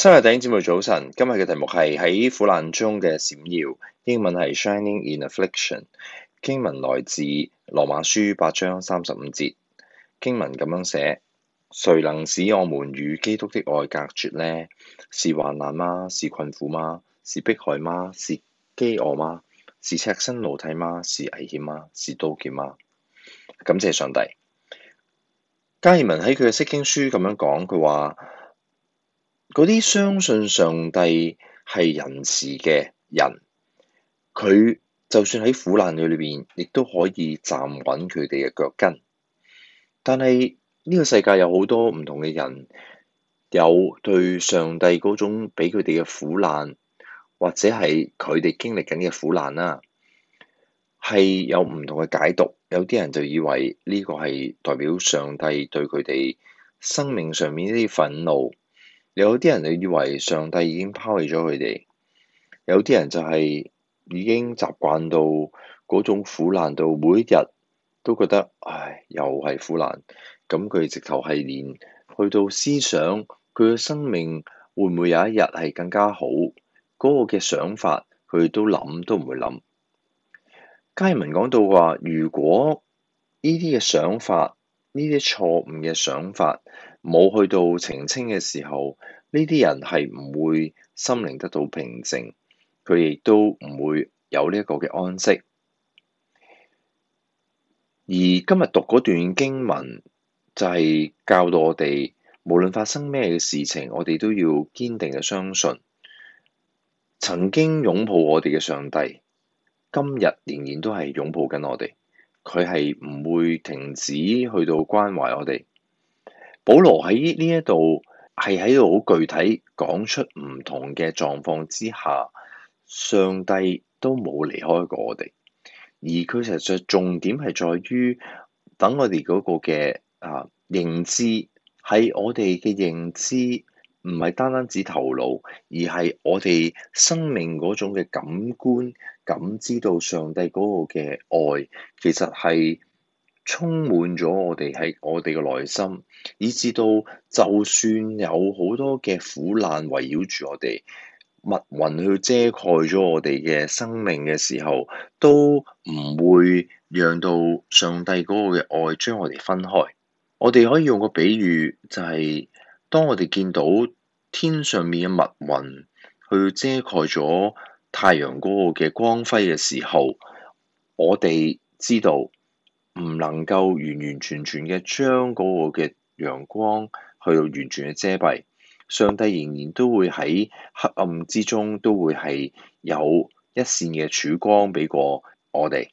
七日頂姐妹早晨，今日嘅題目係喺苦難中嘅閃耀，英文係 Shining in Affliction。經文來自羅馬書八章三十五節，經文咁樣寫：誰能使我們與基督的愛隔絕呢？是患難嗎？是困苦嗎？是迫害嗎？是飢餓嗎？是赤身露體嗎？是危險嗎？是刀劍嗎？感謝上帝。加爾文喺佢嘅釋經書咁樣講，佢話。嗰啲相信上帝係仁慈嘅人，佢就算喺苦難嘅裏邊，亦都可以站穩佢哋嘅腳跟。但係呢個世界有好多唔同嘅人，有對上帝嗰種俾佢哋嘅苦難，或者係佢哋經歷緊嘅苦難啦，係有唔同嘅解讀。有啲人就以為呢個係代表上帝對佢哋生命上面一啲憤怒。有啲人你以為上帝已經拋棄咗佢哋有啲人就係已經習慣到嗰種苦難到每一日都覺得，唉，又係苦難。咁佢直頭係連去到思想，佢嘅生命會唔會有一日係更加好？嗰個嘅想法，佢都諗都唔會諗。加爾文講到話，如果呢啲嘅想法，呢啲錯誤嘅想法，冇去到澄清嘅時候，呢啲人係唔會心靈得到平靜，佢亦都唔會有呢一個嘅安息。而今日讀嗰段經文，就係教導我哋，無論發生咩嘅事情，我哋都要堅定嘅相信，曾經擁抱我哋嘅上帝，今日仍然都係擁抱緊我哋，佢係唔會停止去到關懷我哋。保羅喺呢一度係喺度好具體講出唔同嘅狀況之下，上帝都冇離開過我哋，而佢其實重點係在於等我哋嗰個嘅啊認知，係我哋嘅認知，唔係單單止頭腦，而係我哋生命嗰種嘅感官感知到上帝嗰個嘅愛，其實係。充滿咗我哋喺我哋嘅內心，以至到就算有好多嘅苦難圍繞住我哋，密雲去遮蓋咗我哋嘅生命嘅時候，都唔會讓到上帝嗰個嘅愛將我哋分開。我哋可以用個比喻，就係當我哋見到天上面嘅密雲去遮蓋咗太陽嗰個嘅光輝嘅時候，我哋知道。唔能夠完完全全嘅將嗰個嘅陽光去到完全嘅遮蔽，上帝仍然都會喺黑暗之中都會係有一線嘅曙光俾過我哋，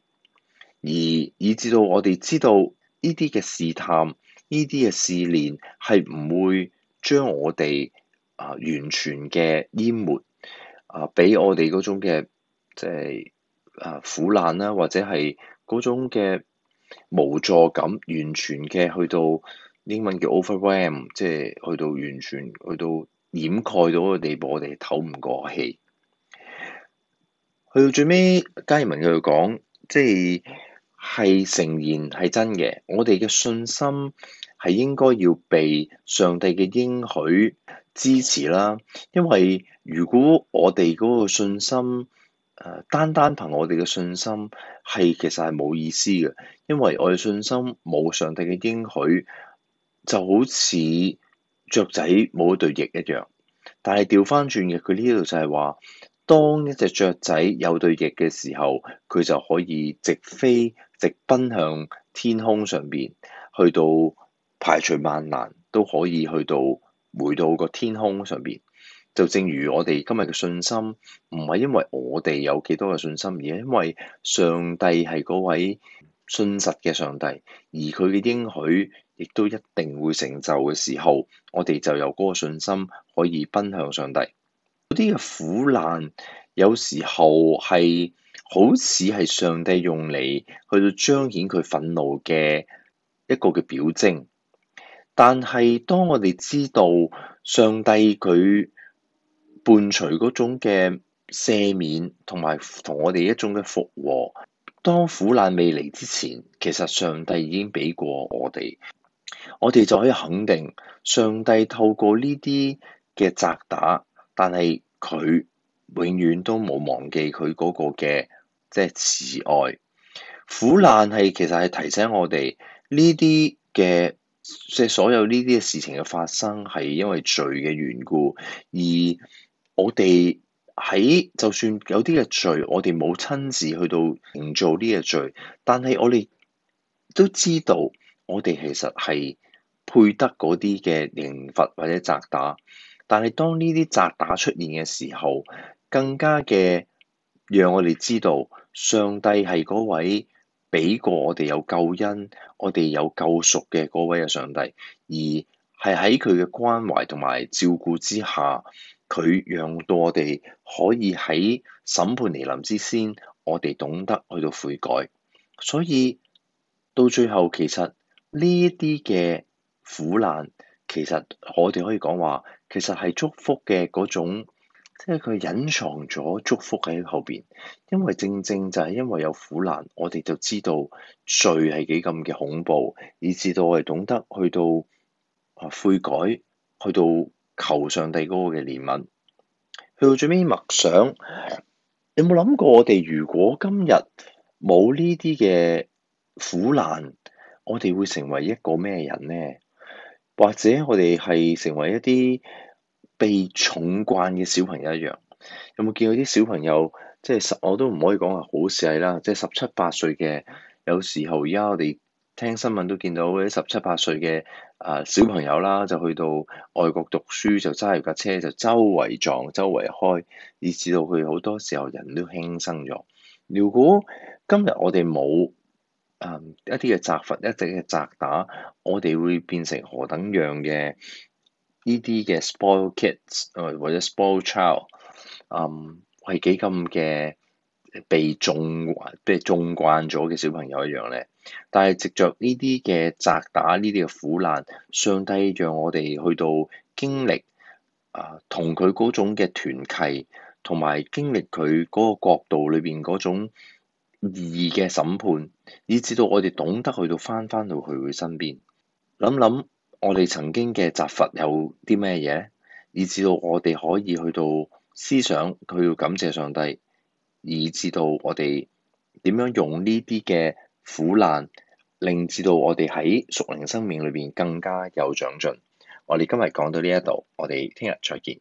而以至到我哋知道呢啲嘅試探，呢啲嘅試煉係唔會將我哋啊完全嘅淹沒啊，俾我哋嗰種嘅即係啊苦難啦，或者係嗰種嘅，無助感，完全嘅去到英文叫 overwhelm，即係去到完全去到掩蓋到個地步，我哋唞唔過氣。去到最尾，嘉爾文佢又講，即係係誠然係真嘅，我哋嘅信心係應該要被上帝嘅應許支持啦。因為如果我哋嗰個信心，誒，單單憑我哋嘅信心係其實係冇意思嘅，因為我哋信心冇上帝嘅應許，就好似雀仔冇一對翼一樣。但係調翻轉嘅，佢呢度就係話，當一隻雀仔有對翼嘅時候，佢就可以直飛直奔向天空上邊，去到排除萬難都可以去到回到個天空上邊。就正如我哋今日嘅信心，唔係因為我哋有幾多嘅信心，而係因為上帝係嗰位信實嘅上帝，而佢嘅應許亦都一定會成就嘅時候，我哋就有嗰個信心可以奔向上帝。嗰啲嘅苦難有時候係好似係上帝用嚟去到彰顯佢憤怒嘅一個嘅表徵，但係當我哋知道上帝佢。伴隨嗰種嘅赦免，同埋同我哋一種嘅復和。當苦難未嚟之前，其實上帝已經俾過我哋，我哋就可以肯定上帝透過呢啲嘅責打，但係佢永遠都冇忘記佢嗰個嘅即係慈愛。苦難係其實係提醒我哋呢啲嘅即係所有呢啲嘅事情嘅發生係因為罪嘅緣故，而我哋喺就算有啲嘅罪，我哋冇親自去到營造呢個罪，但係我哋都知道，我哋其實係配得嗰啲嘅刑罰或者責打。但係當呢啲責打出現嘅時候，更加嘅讓我哋知道，上帝係嗰位俾過我哋有救恩、我哋有救贖嘅嗰位嘅上帝，而係喺佢嘅關懷同埋照顧之下。佢讓到我哋可以喺審判嚟臨之先，我哋懂得去到悔改，所以到最後其實呢一啲嘅苦難，其實我哋可以講話，其實係祝福嘅嗰種，即係佢隱藏咗祝福喺後邊，因為正正就係因為有苦難，我哋就知道罪係幾咁嘅恐怖，以至到我哋懂得去到啊悔改，去到。求上帝嗰個嘅憐憫。去到最尾默想，有冇諗過我哋如果今日冇呢啲嘅苦難，我哋會成為一個咩人呢？或者我哋係成為一啲被寵慣嘅小朋友一樣，有冇見到啲小朋友即係十我都唔可以講話好事啦，即係十七八歲嘅，有時候而家我哋聽新聞都見到啲十七八歲嘅。啊！Uh, 小朋友啦，就去到外國讀書，就揸住架車就周圍撞、周圍開，以至到佢好多時候人都輕生咗。如果今日我哋冇、um, 一啲嘅責罰、一直嘅責打，我哋會變成何等樣嘅呢啲嘅 spoil kids，或者 spoil child，嗯，係幾咁嘅？被縱，即係縱慣咗嘅小朋友一樣咧。但係藉着呢啲嘅責打，呢啲嘅苦難，上帝讓我哋去到經歷啊，同佢嗰種嘅團契，同埋經歷佢嗰個角度裏邊嗰種意義嘅審判，以至到我哋懂得去到翻翻到佢嘅身邊，諗諗我哋曾經嘅責罰有啲咩嘢，以至到我哋可以去到思想佢要感謝上帝。以至到我哋點樣用呢啲嘅苦難，令至到我哋喺屬靈生命裏邊更加有長進。我哋今日講到呢一度，我哋聽日再見。